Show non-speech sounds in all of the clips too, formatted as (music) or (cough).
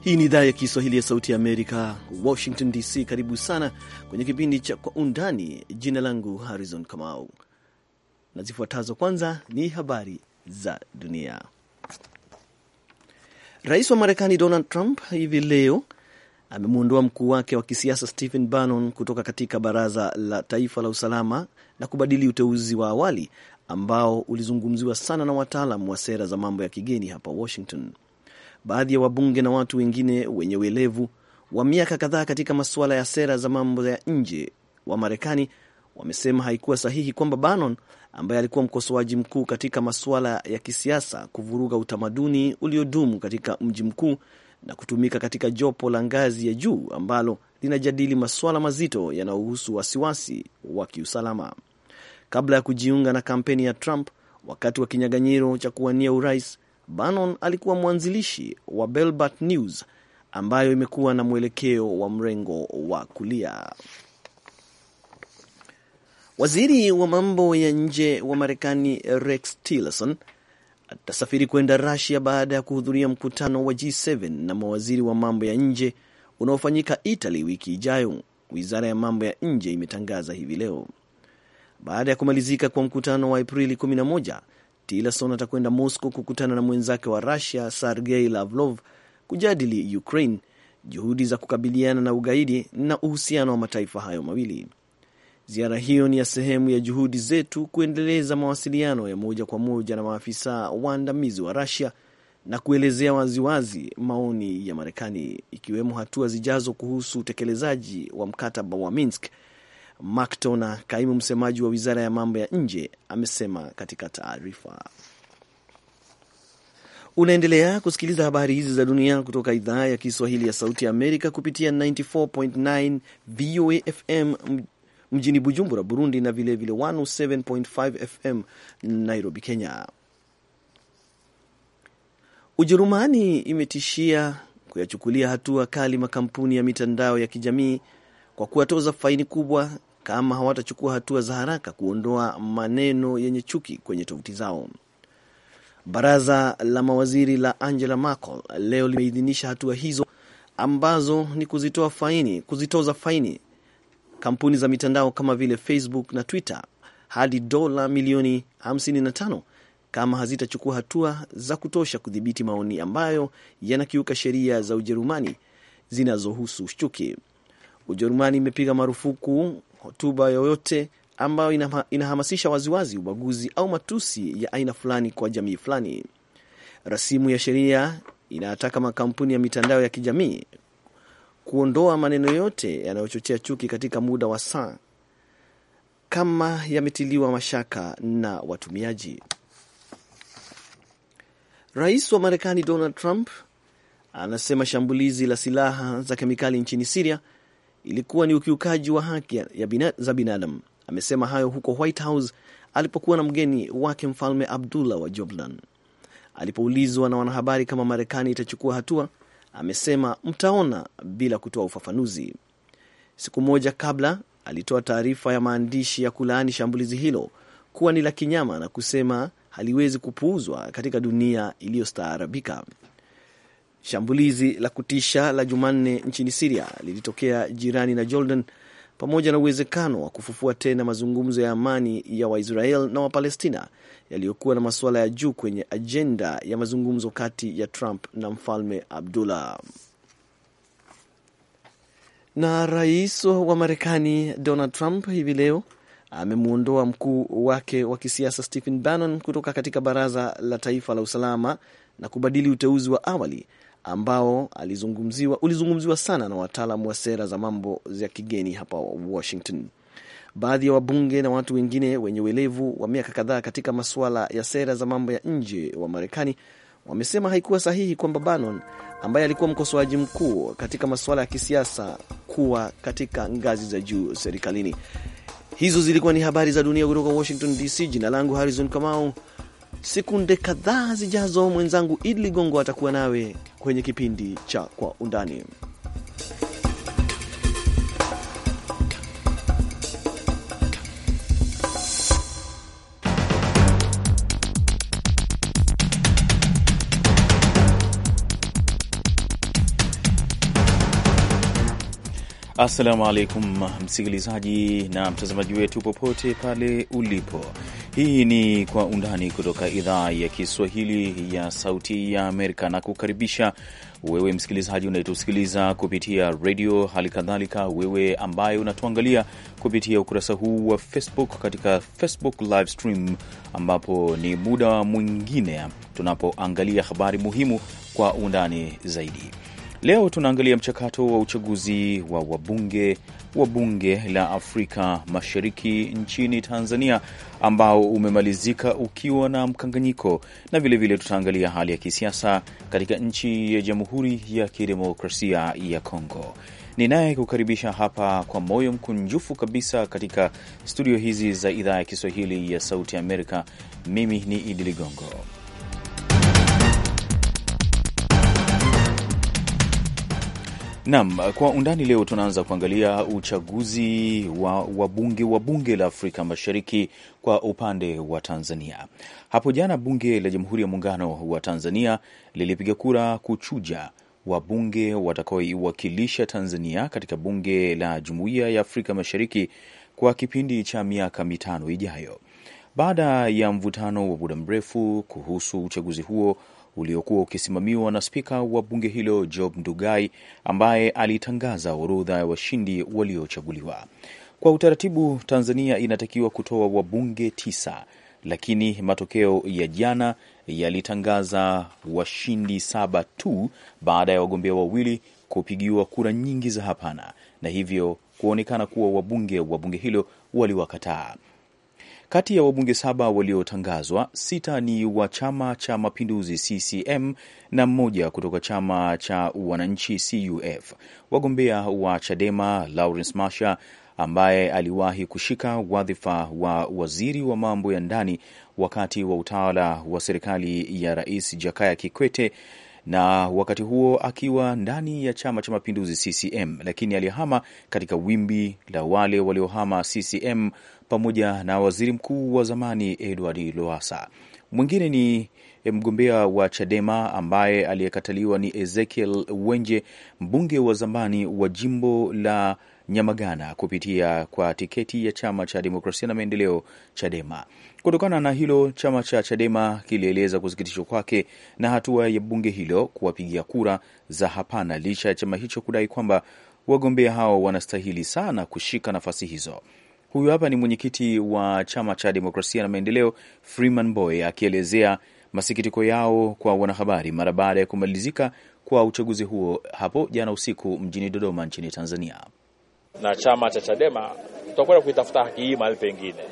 Hii ni idhaa ya Kiswahili ya Sauti ya Amerika, Washington DC. Karibu sana kwenye kipindi cha Kwa Undani. Jina langu Harrison Kamau, na zifuatazo kwanza ni habari za dunia. Rais wa Marekani Donald Trump hivi leo amemwondoa mkuu wake wa kisiasa Stephen Bannon kutoka katika baraza la taifa la usalama na kubadili uteuzi wa awali ambao ulizungumziwa sana na wataalam wa sera za mambo ya kigeni hapa Washington. Baadhi ya wabunge na watu wengine wenye uelevu wa miaka kadhaa katika masuala ya sera za mambo ya nje wa Marekani wamesema haikuwa sahihi kwamba Bannon ambaye alikuwa mkosoaji mkuu katika masuala ya kisiasa kuvuruga utamaduni uliodumu katika mji mkuu na kutumika katika jopo la ngazi ya juu ambalo linajadili masuala mazito yanayohusu wasiwasi wa kiusalama. Kabla ya kujiunga na kampeni ya Trump wakati wa kinyaganyiro cha kuwania urais, Bannon alikuwa mwanzilishi wa Breitbart News ambayo imekuwa na mwelekeo wa mrengo wa kulia. Waziri wa mambo ya nje wa Marekani Rex Tillerson atasafiri kwenda rasia baada ya kuhudhuria mkutano wa G7 na mawaziri wa mambo ya nje unaofanyika Italy wiki ijayo, wizara ya mambo ya nje imetangaza hivi leo. Baada ya kumalizika kwa mkutano wa Aprili 11, Tillerson atakwenda Moscow kukutana na mwenzake wa rusia Sergei Lavrov kujadili Ukraine, juhudi za kukabiliana na ugaidi na uhusiano wa mataifa hayo mawili. Ziara hiyo ni ya sehemu ya juhudi zetu kuendeleza mawasiliano ya moja kwa moja na maafisa waandamizi wa rasia na kuelezea waziwazi maoni ya Marekani, ikiwemo hatua zijazo kuhusu utekelezaji wa mkataba wa Minsk. Mark Toner, kaimu msemaji wa wizara ya mambo ya nje, amesema katika taarifa. Unaendelea kusikiliza habari hizi za dunia kutoka idhaa ya Kiswahili ya Sauti ya Amerika kupitia 94.9 VOA FM mjini Bujumbura, Burundi, na vilevile 107.5 FM Nairobi, Kenya. Ujerumani imetishia kuyachukulia hatua kali makampuni ya mitandao ya kijamii kwa kuwatoza faini kubwa kama hawatachukua hatua za haraka kuondoa maneno yenye chuki kwenye tovuti zao. Baraza la mawaziri la Angela Merkel leo limeidhinisha hatua hizo ambazo ni kuzitoa faini, kuzitoza faini kampuni za mitandao kama vile Facebook na Twitter hadi dola milioni 55 kama hazitachukua hatua za kutosha kudhibiti maoni ambayo yanakiuka sheria za Ujerumani zinazohusu chuki. Ujerumani imepiga marufuku hotuba yoyote ambayo inahamasisha waziwazi ubaguzi au matusi ya aina fulani kwa jamii fulani. Rasimu ya sheria inataka makampuni ya mitandao ya kijamii kuondoa maneno yote yanayochochea chuki katika muda wa saa kama yametiliwa mashaka na watumiaji. Rais wa Marekani Donald Trump anasema shambulizi la silaha za kemikali nchini Siria ilikuwa ni ukiukaji wa haki bina, za binadamu. Amesema hayo huko White House alipokuwa na mgeni wake Mfalme Abdullah wa Jordan. Alipoulizwa na wanahabari kama Marekani itachukua hatua, amesema mtaona, bila kutoa ufafanuzi. Siku moja kabla alitoa taarifa ya maandishi ya kulaani shambulizi hilo kuwa ni la kinyama na kusema haliwezi kupuuzwa katika dunia iliyostaarabika. Shambulizi la kutisha la Jumanne nchini Siria lilitokea jirani na Jordan pamoja na uwezekano wa kufufua tena mazungumzo ya amani ya Waisrael na Wapalestina yaliyokuwa na masuala ya juu kwenye ajenda ya mazungumzo kati ya Trump na Mfalme Abdullah. Na rais wa Marekani Donald Trump hivi leo amemwondoa mkuu wake wa kisiasa Stephen Bannon kutoka katika Baraza la Taifa la Usalama na kubadili uteuzi wa awali ambao alizungumziwa, ulizungumziwa sana na wataalamu wa sera za mambo ya kigeni hapa Washington. Baadhi ya wabunge na watu wengine wenye uelevu wa miaka kadhaa katika masuala ya sera za mambo ya nje wa Marekani wamesema haikuwa sahihi kwamba Bannon ambaye alikuwa mkosoaji mkuu katika masuala ya kisiasa kuwa katika ngazi za juu serikalini. Hizo zilikuwa ni habari za dunia kutoka Washington DC. Jina langu Harrison Kamau sekunde kadhaa zijazo. Mwenzangu Idi Ligongo atakuwa nawe kwenye kipindi cha Kwa Undani. Assalamu alaikum msikilizaji na mtazamaji wetu popote pale ulipo. Hii ni Kwa Undani kutoka idhaa ya Kiswahili ya Sauti ya Amerika, na kukaribisha wewe msikilizaji unayetusikiliza kupitia redio, hali kadhalika wewe ambaye unatuangalia kupitia ukurasa huu wa Facebook katika Facebook live stream, ambapo ni muda mwingine tunapoangalia habari muhimu kwa undani zaidi. Leo tunaangalia mchakato wa uchaguzi wa wabunge wa bunge la Afrika Mashariki nchini Tanzania ambao umemalizika ukiwa na mkanganyiko, na vilevile tutaangalia hali ya kisiasa katika nchi ya Jamhuri ya Kidemokrasia ya Kongo. Ninaye kukaribisha hapa kwa moyo mkunjufu kabisa katika studio hizi za idhaa ya Kiswahili ya Sauti Amerika. Mimi ni Idi Ligongo Naam, kwa undani leo tunaanza kuangalia uchaguzi wa wabunge wa bunge la Afrika Mashariki kwa upande wa Tanzania. Hapo jana bunge la Jamhuri ya Muungano wa Tanzania lilipiga kura kuchuja wabunge watakaoiwakilisha Tanzania katika bunge la Jumuiya ya Afrika Mashariki kwa kipindi cha miaka mitano ijayo. Baada ya mvutano wa muda mrefu kuhusu uchaguzi huo uliokuwa ukisimamiwa na spika wa bunge hilo Job Ndugai, ambaye alitangaza orodha ya washindi waliochaguliwa. Kwa utaratibu, Tanzania inatakiwa kutoa wabunge tisa, lakini matokeo ya jana yalitangaza washindi saba tu baada ya wagombea wawili kupigiwa kura nyingi za hapana, na hivyo kuonekana kuwa wabunge wa bunge hilo waliwakataa. Kati ya wabunge saba waliotangazwa, sita ni wa Chama cha Mapinduzi CCM na mmoja kutoka Chama cha Wananchi CUF. Wagombea wa Chadema Lawrence Masha ambaye aliwahi kushika wadhifa wa waziri wa mambo ya ndani wakati wa utawala wa serikali ya Rais Jakaya Kikwete na wakati huo akiwa ndani ya Chama cha Mapinduzi CCM, lakini alihama katika wimbi la wale waliohama CCM pamoja na waziri mkuu wa zamani Edward Lowassa. Mwingine ni mgombea wa Chadema ambaye aliyekataliwa ni Ezekiel Wenje, mbunge wa zamani wa jimbo la Nyamagana kupitia kwa tiketi ya chama cha demokrasia na maendeleo Chadema. Kutokana na hilo, chama cha Chadema kilieleza kusikitishwa kwake na hatua ya bunge hilo kuwapigia kura za hapana, licha ya chama hicho kudai kwamba wagombea hao wanastahili sana kushika nafasi hizo. Huyu hapa ni mwenyekiti wa chama cha Demokrasia na Maendeleo, Freeman Boy, akielezea masikitiko yao kwa wanahabari mara baada ya kumalizika kwa uchaguzi huo hapo jana usiku mjini Dodoma nchini Tanzania. Na chama cha Chadema tutakwenda kuitafuta haki hii mahali pengine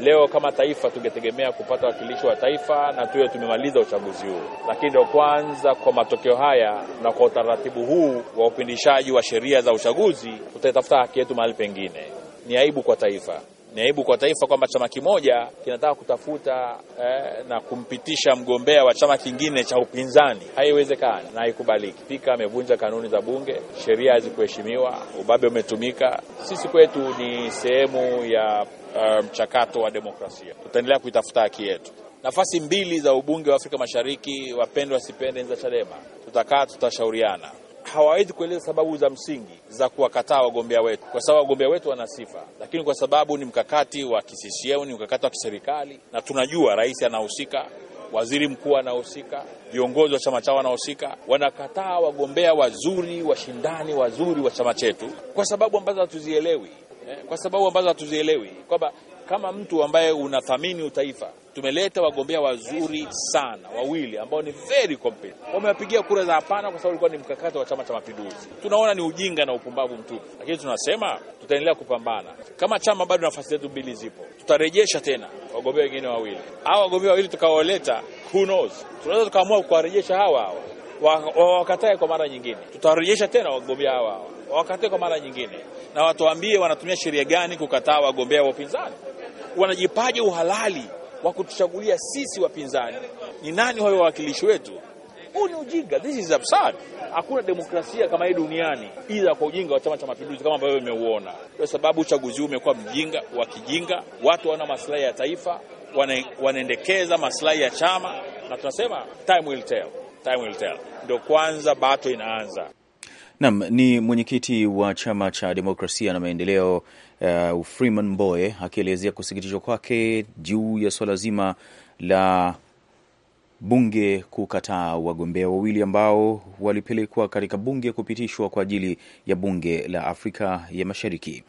Leo kama taifa tungetegemea kupata wakilishi wa taifa na tuwe tumemaliza uchaguzi huu, lakini ndio kwanza kwa matokeo haya na kwa utaratibu huu wa upindishaji wa sheria za uchaguzi, tutaitafuta haki yetu mahali pengine. Ni aibu kwa taifa ni aibu kwa taifa kwamba chama kimoja kinataka kutafuta eh, na kumpitisha mgombea wa chama kingine cha upinzani. Haiwezekani na haikubaliki. Spika amevunja kanuni za Bunge, sheria hazikuheshimiwa, ubabe umetumika. Sisi kwetu ni sehemu ya eh, mchakato um, wa demokrasia. Tutaendelea kuitafuta haki yetu. Nafasi mbili za ubunge wa Afrika Mashariki, wapendwa sipende, za Chadema, tutakaa tutashauriana hawawezi kueleza sababu za msingi za kuwakataa wagombea wetu, kwa sababu wagombea wetu wana sifa, lakini kwa sababu ni mkakati wa kisisiemu, ni mkakati wa kiserikali, na tunajua rais anahusika, waziri mkuu anahusika, viongozi wa chama chao wanahusika, wanakataa wagombea wazuri, washindani wazuri wa chama chetu kwa sababu ambazo hatuzielewi, eh, kwa sababu ambazo hatuzielewi kwamba kama mtu ambaye unathamini utaifa, tumeleta wagombea wazuri sana wawili ambao ni very competent. Wamewapigia kura za hapana kwa sababu ilikuwa ni mkakati wa Chama cha Mapinduzi. Tunaona ni ujinga na upumbavu mtupu, lakini tunasema tutaendelea kupambana kama chama. Bado nafasi zetu mbili zipo, tutarejesha tena wagombea wengine wawili au wagombea wawili tukawaleta, who knows, tunaweza tukaamua kuwarejesha hawa hawa wawakatae kwa mara nyingine, tutawarejesha tena wagombea hawa hawa wawakatae kwa mara nyingine, na watuambie wanatumia sheria gani kukataa wagombea wa upinzani wanajipaje uhalali wa kutuchagulia sisi wapinzani? Ni nani wao wawakilishi wetu? Huu ni ujinga, this is absurd. Hakuna demokrasia kama hii duniani, ila kwa ujinga wa Chama cha Mapinduzi kama ambavyo imeuona, kwa sababu uchaguzi huu umekuwa mjinga wa kijinga. Watu wana maslahi ya taifa, wanaendekeza maslahi ya chama, na tunasema time will tell, time will tell. Ndio kwanza bato inaanza. Nam ni mwenyekiti wa chama cha demokrasia na maendeleo uh, Freeman Mbowe akielezea kusikitishwa kwake juu ya swala zima la bunge kukataa wagombea wawili ambao walipelekwa katika bunge kupitishwa kwa ajili ya bunge la Afrika ya Mashariki.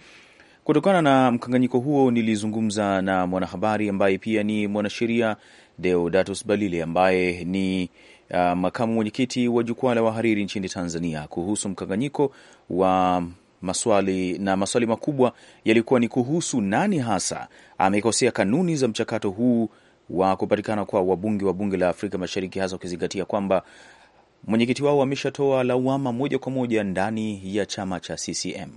Kutokana na mkanganyiko huo, nilizungumza na mwanahabari ambaye pia ni mwanasheria Deodatus Balile ambaye ni Uh, makamu mwenyekiti wa jukwaa la wahariri nchini Tanzania kuhusu mkanganyiko wa maswali na maswali makubwa yalikuwa ni kuhusu nani hasa amekosea kanuni za mchakato huu wa kupatikana kwa wabunge wa bunge la Afrika Mashariki, hasa ukizingatia kwamba mwenyekiti wao ameshatoa lawama moja kwa moja ndani ya chama cha CCM.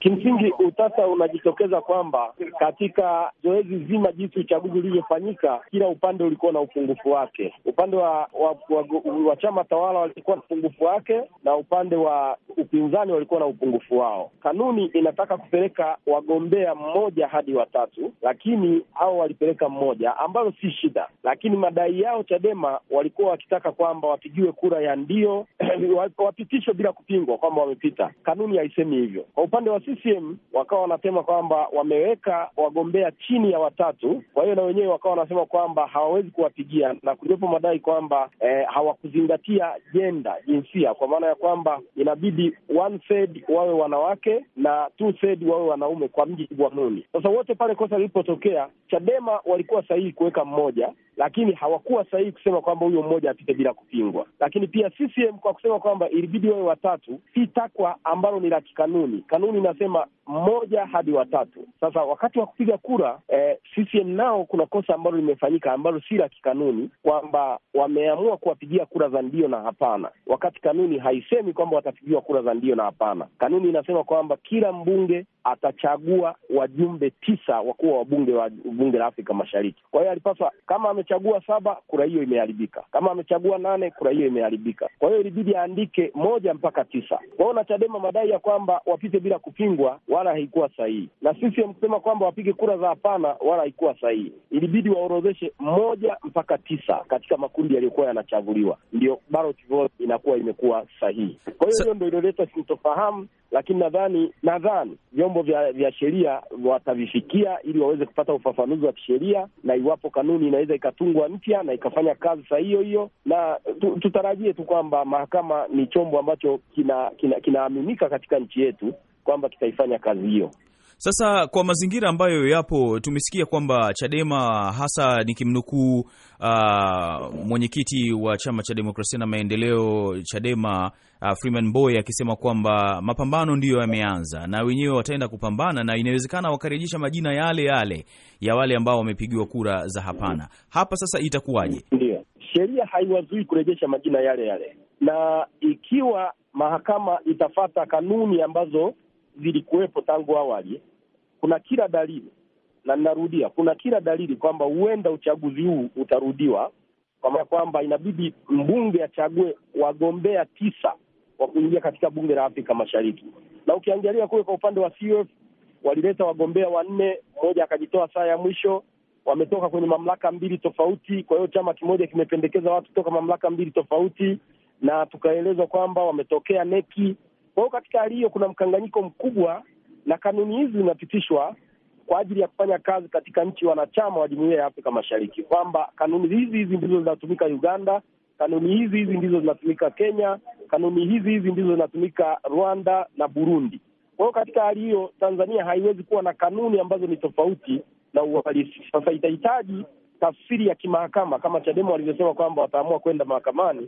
Kimsingi utata unajitokeza kwamba katika zoezi zima jinsi uchaguzi ulivyofanyika, kila upande ulikuwa na upungufu wake. Upande wa, wa, wa, wa chama tawala walikuwa na upungufu wake, na upande wa upinzani walikuwa na upungufu wao. Kanuni inataka kupeleka wagombea mmoja hadi watatu, lakini hao walipeleka mmoja, ambayo si shida, lakini madai yao Chadema walikuwa wakitaka kwamba wapigiwe kura ya ndio (clears throat) wapitishwe bila kupingwa kwamba wamepita. Kanuni haisemi hivyo. Kwa upande wa CCM wakawa wanasema kwamba wameweka wagombea chini ya watatu, kwa hiyo na wenyewe wakawa wanasema kwamba hawawezi kuwapigia na kuliwepo madai kwamba eh, hawakuzingatia jenda, jinsia, kwa maana ya kwamba inabidi one third wawe wanawake na two third wawe wanaume kwa mjibu wa Sasa wote pale kosa lilipotokea, Chadema walikuwa sahihi kuweka mmoja lakini hawakuwa sahihi kusema kwamba huyo mmoja apite bila kupingwa. Lakini pia CCM kwa kusema kwamba ilibidi wawe watatu, si takwa ambalo ni la kikanuni. Kanuni inasema mmoja hadi watatu. Sasa wakati wa kupiga kura eh, CCM nao kuna kosa ambalo limefanyika ambalo si la kikanuni, kwamba wameamua kuwapigia kura za ndio na hapana, wakati kanuni haisemi kwamba watapigiwa kura za ndio na hapana. Kanuni inasema kwamba kila mbunge atachagua wajumbe tisa wakuwa wabunge wa bunge la Afrika Mashariki. Kwa hiyo alipaswa kama ame amechagua saba, kura hiyo imeharibika. Kama amechagua nane, kura hiyo imeharibika. Kwa hiyo ilibidi aandike moja mpaka tisa. Kwa hiyo na Chadema madai ya kwamba wapite bila kupingwa wala haikuwa sahihi, na sisi kusema kwamba wapige kura za hapana wala haikuwa sahihi. Ilibidi waorodheshe moja mpaka tisa katika makundi yaliyokuwa yanachaguliwa, ndio ballot vote inakuwa imekuwa sahihi. Kwa hiyo hiyo ndo iloleta sintofahamu, lakini nadhani nadhani vyombo vya, vya sheria watavifikia ili waweze kupata ufafanuzi wa kisheria na iwapo kanuni inaweza ikatungwa mpya na ikafanya kazi saa hiyo hiyo, na tutarajie tu kwamba mahakama ni chombo ambacho kinaaminika kina, kina katika nchi yetu kwamba kitaifanya kazi hiyo. Sasa kwa mazingira ambayo yapo, tumesikia kwamba Chadema hasa nikimnukuu uh, mwenyekiti wa chama cha demokrasia na maendeleo Chadema uh, Freeman Boy akisema kwamba mapambano ndiyo yameanza na wenyewe wataenda kupambana, na inawezekana wakarejesha majina yale yale ya wale ambao wamepigiwa kura za hapana. Hapa sasa itakuwaje? Ndio sheria haiwazui kurejesha majina yale yale, na ikiwa mahakama itafata kanuni ambazo zilikuwepo tangu awali, kuna kila dalili na ninarudia, kuna kila dalili kwamba huenda uchaguzi huu utarudiwa, kwa maana kwamba inabidi mbunge achague wagombea tisa wa kuingia katika bunge la Afrika Mashariki. Na ukiangalia kule kwa upande wa CUF walileta wagombea wanne, mmoja akajitoa saa ya mwisho. Wametoka kwenye mamlaka mbili tofauti, kwa hiyo chama kimoja kimependekeza watu toka mamlaka mbili tofauti, na tukaelezwa kwamba wametokea neki. Kwa hiyo katika hali hiyo kuna mkanganyiko mkubwa, na kanuni hizi zinapitishwa kwa ajili ya kufanya kazi katika nchi wanachama wa jumuiya ya Afrika Mashariki, kwamba kanuni hizi hizi ndizo zinatumika Uganda, kanuni hizi hizi ndizo zinatumika Kenya, Kanuni hizi hizi ndizo zinatumika Rwanda na Burundi. Kwa hiyo katika hali hiyo, Tanzania haiwezi kuwa na kanuni ambazo ni tofauti na uhalisi. Sasa itahitaji tafsiri ya kimahakama kama Chadema walivyosema kwamba wataamua kwenda mahakamani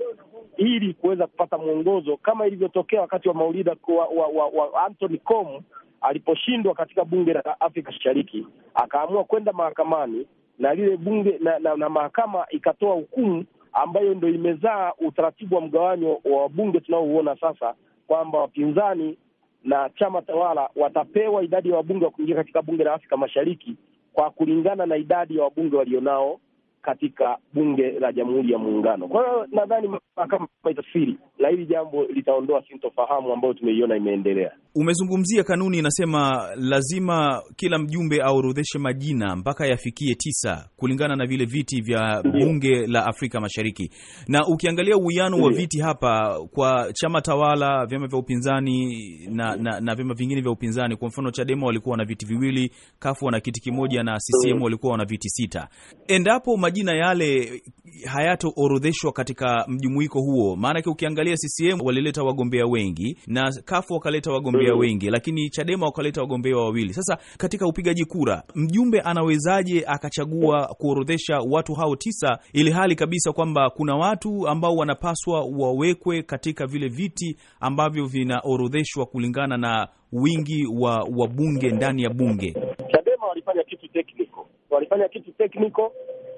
ili kuweza kupata mwongozo, kama ilivyotokea wakati wa Maulida wa, wa, wa, wa Anthony Com aliposhindwa katika bunge la Afrika Mashariki, akaamua kwenda mahakamani na lile bunge na, na, na mahakama ikatoa hukumu ambayo ndo imezaa utaratibu wa mgawanyo wa wabunge tunaouona sasa, kwamba wapinzani na chama tawala watapewa idadi ya wabunge wa kuingia katika bunge la Afrika Mashariki kwa kulingana na idadi ya wabunge walionao katika bunge la Jamhuri ya Muungano. Kwa hiyo nadhani mahakama itafsiri na hili jambo litaondoa sintofahamu ambayo tumeiona imeendelea. Umezungumzia kanuni inasema lazima kila mjumbe aorodheshe majina mpaka yafikie tisa kulingana na vile viti vya bunge la Afrika Mashariki, na ukiangalia uwiano wa viti hapa kwa chama tawala, vyama vya upinzani na, na, na vyama vingine vya upinzani, kwa mfano Chadema walikuwa na viti viwili, Kafu wana kiti kimoja na CCM walikuwa wana viti sita. Endapo majina yale hayatoorodheshwa katika mjumuiko huo. Maanake ukiangalia CCM walileta wagombea wengi na kafu wakaleta wagombea mm, wengi, lakini Chadema wakaleta wagombea wawili. Sasa katika upigaji kura, mjumbe anawezaje akachagua kuorodhesha watu hao tisa, ili hali kabisa kwamba kuna watu ambao wanapaswa wawekwe katika vile viti ambavyo vinaorodheshwa kulingana na wingi wa wabunge ndani ya bunge walifanya kitu technical,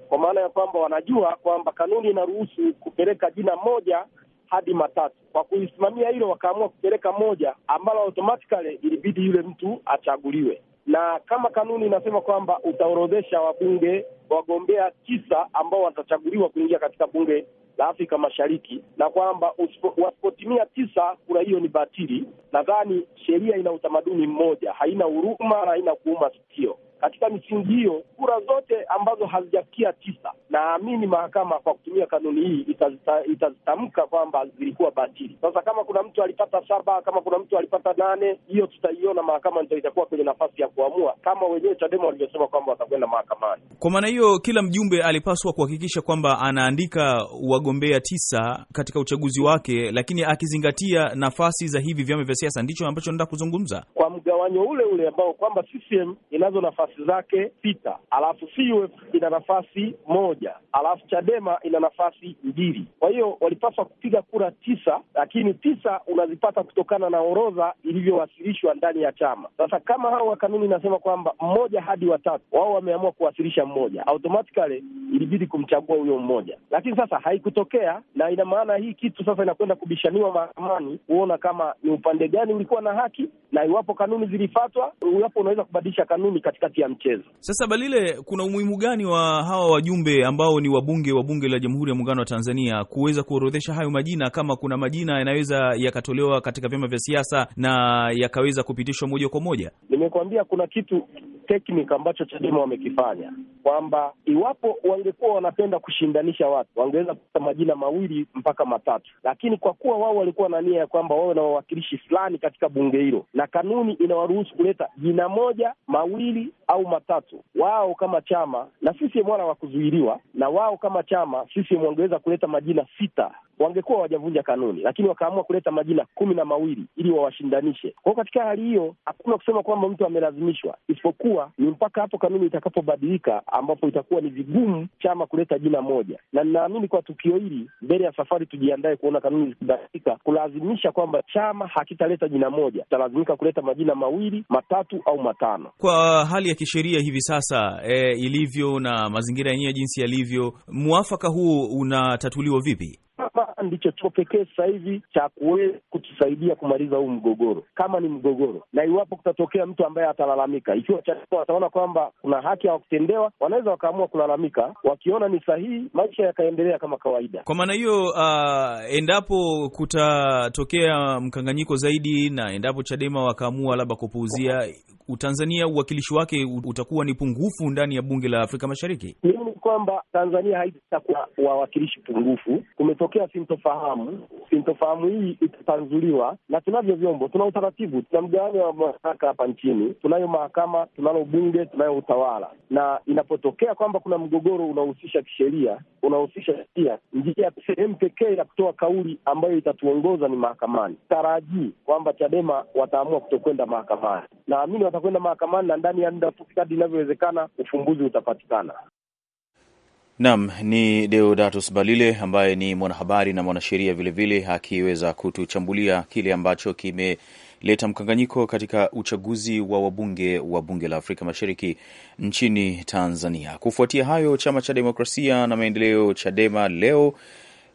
kwa maana ya kwamba wanajua kwamba kanuni inaruhusu kupeleka jina moja hadi matatu. Kwa kuisimamia hilo, wakaamua kupeleka moja ambalo automatically ilibidi yule mtu achaguliwe, na kama kanuni inasema kwamba utaorodhesha wabunge wagombea tisa ambao watachaguliwa kuingia katika bunge la Afrika Mashariki na kwamba wasipotimia tisa, kura hiyo ni batili. Nadhani sheria ina utamaduni mmoja, haina huruma, na haina kuuma sikio. Katika misingi hiyo, kura zote ambazo hazijafikia tisa, naamini mahakama kwa kutumia kanuni hii itazita, itazitamka kwamba zilikuwa batili. Sasa kama kuna mtu alipata saba, kama kuna mtu alipata nane, hiyo tutaiona mahakama ndio itakuwa kwenye nafasi ya kuamua, kama wenyewe Chadema walivyosema kwamba watakwenda mahakamani. Kwa maana hiyo, kila mjumbe alipaswa kuhakikisha kwamba anaandika wagombea tisa katika uchaguzi wake, lakini akizingatia nafasi za hivi vyama vya siasa. Ndicho ambacho nataka kuzungumza kwa mgawanyo ule ule ambao kwamba CCM inazo nafasi nafasi zake sita, alafu CUF ina nafasi moja, alafu Chadema ina nafasi mbili. Kwa hiyo walipaswa kupiga kura tisa, lakini tisa unazipata kutokana na orodha ilivyowasilishwa ndani ya chama. Sasa kama hao wa kanuni inasema kwamba mmoja hadi watatu, wao wameamua kuwasilisha mmoja, automatically ilibidi kumchagua huyo mmoja, lakini sasa haikutokea, na ina maana hii kitu sasa inakwenda kubishaniwa mahakamani kuona kama ni upande gani ulikuwa na haki na iwapo kanuni zilifatwa, iwapo unaweza kubadilisha kanuni katikati ya mchezo. Sasa Balile, kuna umuhimu gani wa hawa wajumbe ambao ni wabunge wa bunge la Jamhuri ya Muungano wa Tanzania kuweza kuorodhesha hayo majina, kama kuna majina yanaweza yakatolewa katika vyama vya siasa na yakaweza kupitishwa moja kwa moja? Nimekuambia kuna kitu technique ambacho Chadema wamekifanya kwamba iwapo wangekuwa wanapenda kushindanisha watu wangeweza kupata majina mawili mpaka matatu, lakini kwa kuwa wao walikuwa na nia ya kwamba wawe na wawakilishi fulani katika bunge hilo, na kanuni inawaruhusu kuleta jina moja, mawili au matatu, wao kama chama na CCM wala wakuzuiliwa, na wao kama chama CCM wangeweza kuleta majina sita, wangekuwa wajavunja kanuni, lakini wakaamua kuleta majina kumi na mawili ili wawashindanishe kwao. Katika hali hiyo hakuna kusema kwamba mtu amelazimishwa, isipokuwa kuwa ni mpaka hapo kanuni itakapobadilika, ambapo itakuwa ni vigumu chama kuleta jina moja, na ninaamini kwa tukio hili mbele ya safari tujiandae kuona kanuni zikibadilika kulazimisha kwamba chama hakitaleta jina moja, italazimika kuleta majina mawili, matatu au matano. Kwa hali ya kisheria hivi sasa e, ilivyo na mazingira yenyewe jinsi yalivyo, mwafaka huu unatatuliwa vipi? kama ndicho chuo pekee sasa hivi cha kuweza kutusaidia kumaliza huu mgogoro, kama ni mgogoro, na iwapo kutatokea mtu ambaye atalalamika, ikiwa CHADEMA wataona kwamba kuna haki hawakutendewa, wanaweza wakaamua kulalamika, wakiona ni sahihi, maisha yakaendelea kama kawaida. Kwa maana hiyo, uh, endapo kutatokea mkanganyiko zaidi na endapo CHADEMA wakaamua labda kupuuzia Utanzania uwakilishi wake utakuwa ni pungufu ndani ya bunge la Afrika Mashariki. Mimi ni kwamba Tanzania haitakuwa wawakilishi pungufu Kumetu kutokea sintofahamu, sintofahamu hii itatanzuliwa, na tunavyo vyombo, tuna utaratibu, tuna mgawanyo wa madaraka hapa nchini, tunayo mahakama, tunalo bunge, tunayo utawala. Na inapotokea kwamba kuna mgogoro unahusisha kisheria, unahusisha sheria, njia sehemu pekee ya kutoa kauli ambayo itatuongoza ni mahakamani. Tarajii kwamba Chadema wataamua kutokwenda mahakamani, naamini watakwenda mahakamani na ndani ya muda fupi kadri inavyowezekana ufumbuzi utapatikana. Nam ni Deodatus Balile ambaye ni mwanahabari na mwanasheria vilevile, akiweza kutuchambulia kile ambacho kimeleta mkanganyiko katika uchaguzi wa wabunge wa bunge la Afrika Mashariki nchini Tanzania. Kufuatia hayo, chama cha demokrasia na maendeleo, Chadema, leo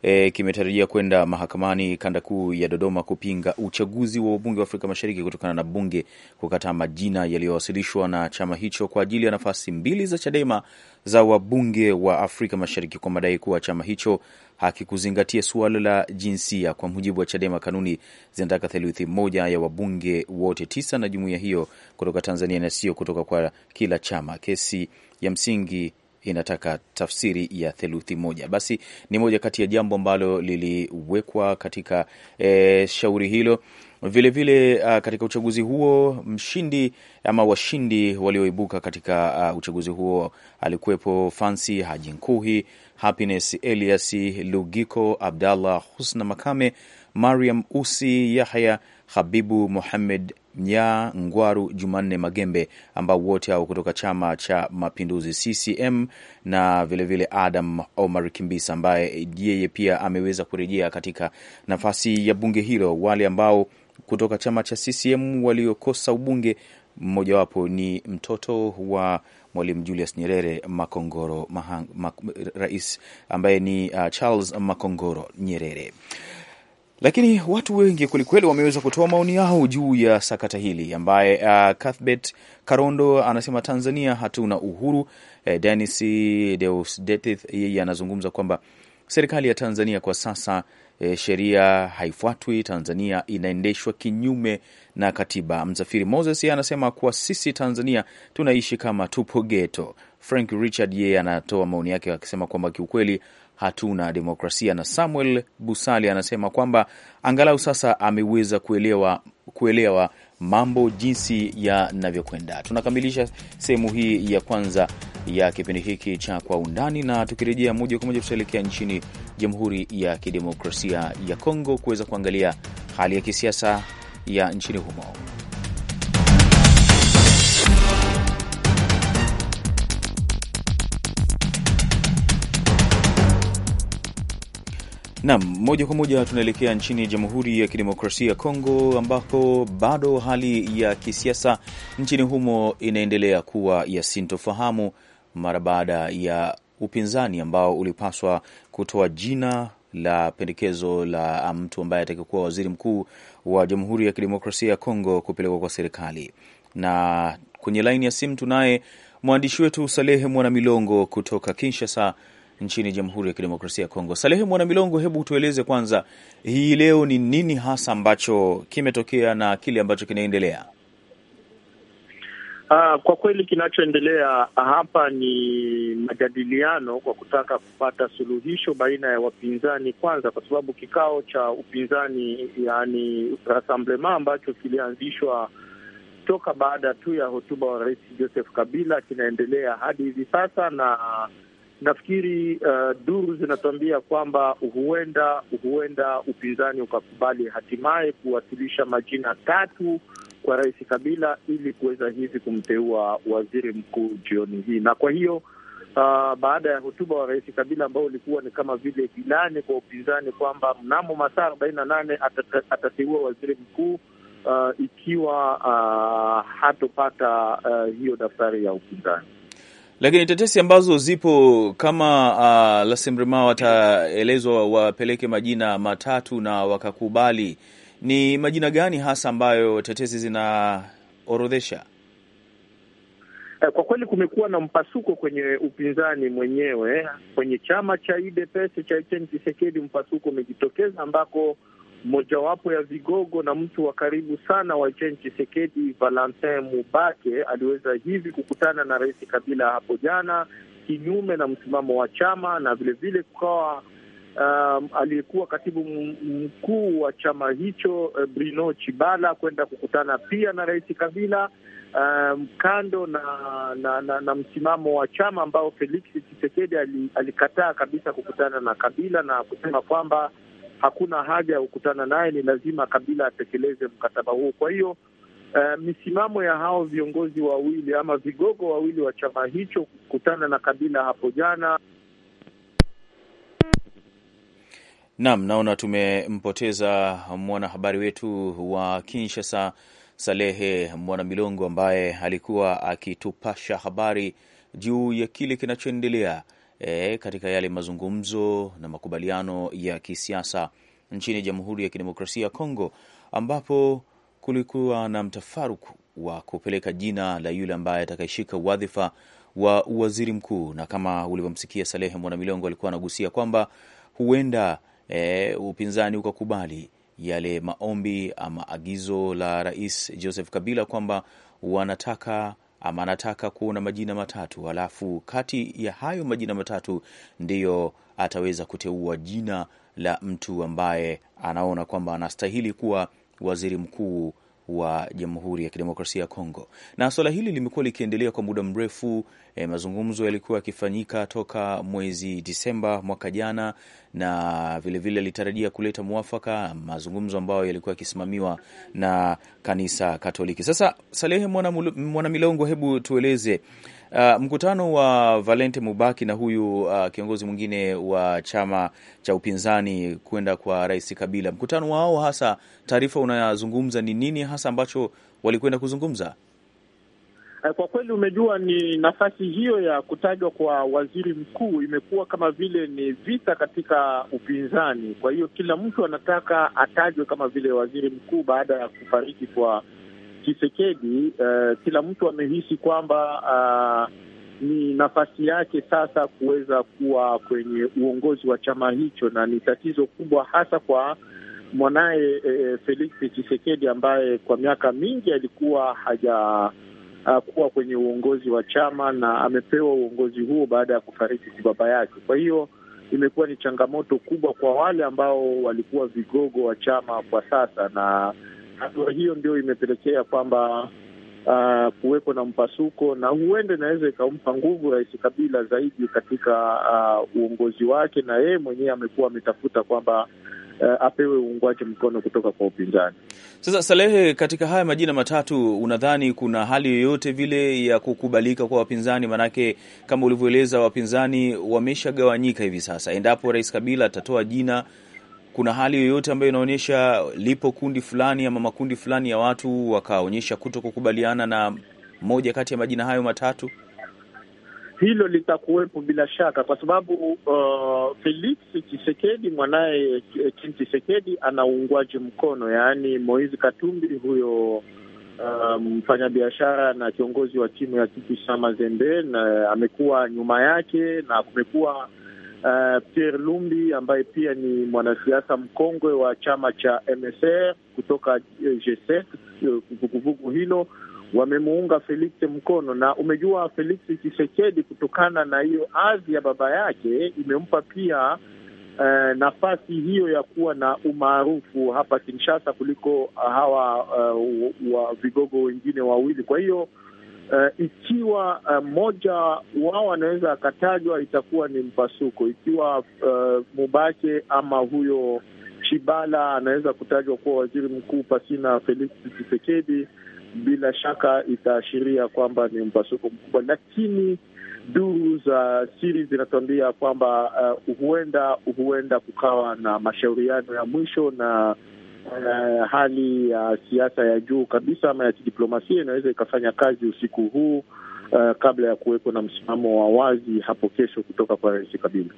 e, kimetarajia kwenda mahakamani kanda kuu ya Dodoma kupinga uchaguzi wa wabunge wa Afrika Mashariki kutokana na bunge kukataa majina yaliyowasilishwa na chama hicho kwa ajili ya nafasi mbili za Chadema za wabunge wa Afrika Mashariki kwa madai kuwa chama hicho hakikuzingatia suala la jinsia. Kwa mujibu wa Chadema, kanuni zinataka theluthi moja ya wabunge wote tisa na jumuiya hiyo kutoka Tanzania na sio kutoka kwa kila chama. Kesi ya msingi inataka tafsiri ya theluthi moja. Basi ni moja kati ya jambo ambalo liliwekwa katika e, shauri hilo. Vilevile vile, uh, katika uchaguzi huo mshindi ama washindi walioibuka katika uh, uchaguzi huo alikuwepo Fansi Haji Nkuhi, Happiness Elias Lugiko, Abdallah Husna Makame, Mariam Usi Yahya, Habibu Muhamed ya Ngwaru Jumanne Magembe, ambao wote hao kutoka Chama cha Mapinduzi CCM, na vilevile vile Adam Omar Kimbisa ambaye yeye pia ameweza kurejea katika nafasi ya bunge hilo. Wale ambao kutoka chama cha CCM waliokosa ubunge, mmojawapo ni mtoto wa Mwalimu Julius Nyerere Makongoro Mahang, mak, rais ambaye ni uh, Charles Makongoro Nyerere. Lakini watu wengi kwelikweli wameweza kutoa maoni yao juu ya sakata hili, ambaye uh, Cuthbert Karondo anasema Tanzania hatuna uhuru. Eh, Denis Deusdedith yeye anazungumza kwamba serikali ya Tanzania kwa sasa eh, sheria haifuatwi. Tanzania inaendeshwa kinyume na katiba. Msafiri Moses yeye anasema kuwa sisi Tanzania tunaishi kama tupo geto. Frank Richard yeye anatoa maoni yake akisema kwamba kiukweli hatuna demokrasia. Na Samuel Busali anasema kwamba angalau sasa ameweza kuelewa, kuelewa mambo jinsi yanavyokwenda. Tunakamilisha sehemu hii ya kwanza ya kipindi hiki cha Kwa Undani, na tukirejea moja kwa moja tutaelekea nchini Jamhuri ya Kidemokrasia ya Kongo kuweza kuangalia hali ya kisiasa ya nchini humo. Nam, moja kwa moja tunaelekea nchini Jamhuri ya Kidemokrasia ya Kongo, ambapo bado hali ya kisiasa nchini humo inaendelea kuwa ya sintofahamu mara baada ya upinzani ambao ulipaswa kutoa jina la pendekezo la mtu ambaye atakayekuwa waziri mkuu wa Jamhuri ya Kidemokrasia ya Kongo kupelekwa kwa serikali. Na kwenye laini ya simu tunaye mwandishi wetu Salehe Mwanamilongo kutoka Kinshasa nchini Jamhuri ya Kidemokrasia ya Kongo. Salehe Mwana Milongo, hebu tueleze kwanza, hii leo ni nini hasa ambacho kimetokea na kile ambacho kinaendelea? Uh, kwa kweli kinachoendelea hapa ni majadiliano kwa kutaka kupata suluhisho baina ya wapinzani kwanza, kwa sababu kikao cha upinzani, yani rassemblement, ambacho kilianzishwa toka baada tu ya hotuba wa Rais Joseph Kabila kinaendelea hadi hivi sasa na uh, nafikiri uh, duru zinatuambia kwamba huenda huenda upinzani ukakubali hatimaye kuwasilisha majina tatu kwa Rais Kabila ili kuweza hivi kumteua waziri mkuu jioni hii, na kwa hiyo uh, baada ya hotuba wa Rais Kabila ambao ulikuwa ni kama vile ilani kwa upinzani kwamba mnamo masaa arobaini na nane atateua waziri mkuu uh, ikiwa uh, hatopata uh, hiyo daftari ya upinzani lakini tetesi ambazo zipo kama uh, Lasemrema wataelezwa wapeleke majina matatu na wakakubali, ni majina gani hasa ambayo tetesi zinaorodhesha? Eh, kwa kweli kumekuwa na mpasuko kwenye upinzani mwenyewe, kwenye chama cha UDPS cha Etienne Tshisekedi, mpasuko umejitokeza ambako mojawapo ya vigogo na mtu wa karibu sana wa Chen Chisekedi, Valentin Mubake, aliweza hivi kukutana na Rais Kabila hapo jana, kinyume na msimamo wa chama na vilevile kukawa Um, aliyekuwa katibu mkuu wa chama hicho eh, Bruno Chibala kwenda kukutana pia na Rais Kabila, um, kando na na, na na msimamo wa chama ambao Felix Tshisekedi alikataa kabisa kukutana na Kabila na kusema kwamba hakuna haja ya kukutana naye, ni lazima Kabila atekeleze mkataba huo. Kwa hiyo Uh, misimamo ya hao viongozi wawili ama vigogo wawili wa chama hicho kukutana na Kabila hapo jana. Naam, naona tumempoteza mwanahabari wetu wa Kinshasa Salehe Mwanamilongo ambaye alikuwa akitupasha habari juu ya kile kinachoendelea e, katika yale mazungumzo na makubaliano ya kisiasa nchini Jamhuri ya Kidemokrasia ya Kongo, ambapo kulikuwa na mtafaruku wa kupeleka jina la yule ambaye atakayeshika wadhifa wa waziri mkuu, na kama ulivyomsikia Salehe Mwanamilongo alikuwa anagusia kwamba huenda e, upinzani ukakubali yale maombi ama agizo la Rais Joseph Kabila kwamba wanataka ama anataka kuona majina matatu, alafu kati ya hayo majina matatu ndiyo ataweza kuteua jina la mtu ambaye anaona kwamba anastahili kuwa waziri mkuu wa Jamhuri ya Kidemokrasia ya Kongo. Na suala hili limekuwa likiendelea kwa muda mrefu. E, mazungumzo yalikuwa yakifanyika toka mwezi Disemba mwaka jana, na vilevile alitarajia vile kuleta mwafaka, mazungumzo ambayo yalikuwa yakisimamiwa na kanisa Katoliki. Sasa Salehe mwanamilongo Mwana hebu tueleze Uh, mkutano wa Valente Mubaki na huyu uh, kiongozi mwingine wa chama cha upinzani kwenda kwa Rais Kabila, mkutano wao hasa, taarifa unazungumza ni nini hasa ambacho walikwenda kuzungumza? Eh, kwa kweli umejua, ni nafasi hiyo ya kutajwa kwa waziri mkuu imekuwa kama vile ni vita katika upinzani. Kwa hiyo kila mtu anataka atajwe kama vile waziri mkuu baada ya kufariki kwa Chisekedi, uh, eh, kila mtu amehisi kwamba uh, ni nafasi yake sasa kuweza kuwa kwenye uongozi wa chama hicho, na ni tatizo kubwa hasa kwa mwanaye eh, Felix Chisekedi ambaye kwa miaka mingi alikuwa haja ah, kuwa kwenye uongozi wa chama na amepewa uongozi huo baada ya kufariki si baba yake. Kwa hiyo imekuwa ni changamoto kubwa kwa wale ambao walikuwa vigogo wa chama kwa sasa, na hatua hiyo ndio imepelekea kwamba uh, kuwepo na mpasuko, na huenda inaweza ikampa nguvu Rais Kabila zaidi katika uh, uongozi wake, na yeye mwenyewe amekuwa ametafuta kwamba Uh, apewe uungwaji mkono kutoka kwa upinzani. Sasa Salehe, katika haya majina matatu unadhani kuna hali yoyote vile ya kukubalika kwa wapinzani? Maanake kama ulivyoeleza, wapinzani wameshagawanyika hivi sasa. Endapo Rais Kabila atatoa jina kuna hali yoyote ambayo inaonyesha lipo kundi fulani ama makundi fulani ya watu wakaonyesha kuto kukubaliana na moja kati ya majina hayo matatu? Hilo litakuwepo bila shaka, kwa sababu uh, Felix Chisekedi mwanaye eh, Kim Chisekedi ana uungwaji mkono, yaani Moizi Katumbi huyo um, mfanyabiashara um, na kiongozi wa timu ya Tipi Mazembe na amekuwa nyuma yake na kumekuwa Eh, Pierre Lumbi ambaye pia ni mwanasiasa mkongwe wa chama cha MSR kutoka eh, G7 e, eh, vuguvugu hilo wamemuunga Felix mkono, na umejua Felix chisekedi kutokana na hiyo ardhi ya baba yake imempa pia Uh, nafasi hiyo ya kuwa na umaarufu hapa Kinshasa kuliko hawa uh, wa vigogo wengine wawili. Kwa hiyo Uh, ikiwa eh, mmoja uh, wao anaweza akatajwa itakuwa ni mpasuko. Ikiwa uh, eh, Mubake ama huyo Shibala anaweza kutajwa kuwa waziri mkuu pasina Felix Tshisekedi, bila shaka itaashiria kwamba ni mpasuko mkubwa, lakini duru za siri zinatuambia kwamba uh, huenda huenda kukawa na mashauriano ya mwisho na uh, hali ya uh, siasa ya juu kabisa ama ya kidiplomasia inaweza ikafanya kazi usiku huu uh, kabla ya kuwepo na msimamo wa wazi hapo kesho kutoka kwa Rais Kabila.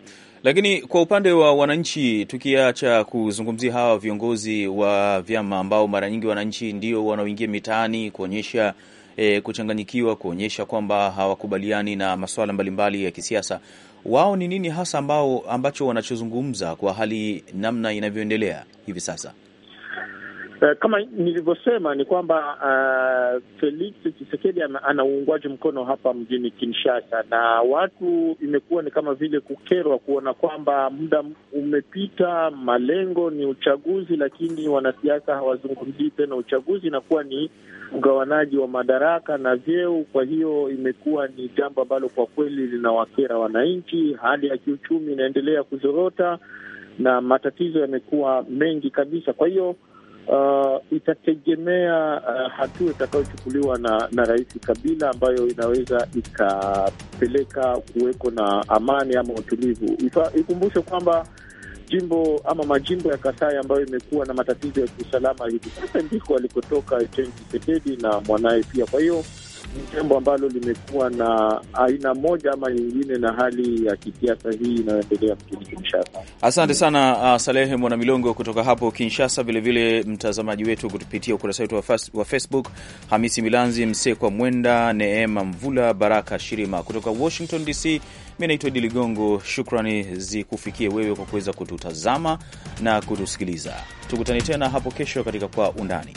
Lakini kwa upande wa wananchi, tukiacha kuzungumzia hawa viongozi wa vyama ambao mara nyingi wananchi ndio wanaoingia mitaani kuonyesha E, kuchanganyikiwa kuonyesha kwamba hawakubaliani na masuala mbalimbali ya kisiasa. Wao ni nini hasa ambao ambacho wanachozungumza kwa hali namna inavyoendelea hivi sasa? Eh, kama nilivyosema ni kwamba uh, Felix Tshisekedi ana uungwaji mkono hapa mjini Kinshasa, na watu imekuwa ni kama vile kukerwa kuona kwamba muda umepita, malengo ni uchaguzi, lakini wanasiasa hawazungumzii tena uchaguzi, inakuwa ni ugawanaji wa madaraka na vyeo. Kwa hiyo imekuwa ni jambo ambalo kwa kweli linawakera wananchi. Hali ya kiuchumi inaendelea kuzorota na matatizo yamekuwa mengi kabisa, kwa hiyo uh, itategemea uh, hatua itakayochukuliwa na, na Rais Kabila ambayo inaweza ikapeleka kuweko na amani ama utulivu. Ikumbushe kwamba jimbo ama majimbo ya Kasai ambayo imekuwa na matatizo ya kiusalama hivi sasa ndiko alikotoka Etienne Tshisekedi na mwanaye pia, kwa hiyo ni jambo ambalo limekuwa na aina moja ama nyingine na hali ya kisiasa hii inayoendelea mjini Kinshasa. Asante sana uh, Salehe Mwana Milongo kutoka hapo Kinshasa, vilevile mtazamaji wetu kupitia ukurasa wetu wa, wa Facebook, Hamisi Milanzi Msekwa Mwenda, Neema Mvula, Baraka Shirima kutoka Washington DC. Mi naitwa Idi Ligongo, shukrani zikufikie wewe kwa kuweza kututazama na kutusikiliza. Tukutane tena hapo kesho katika Kwa Undani.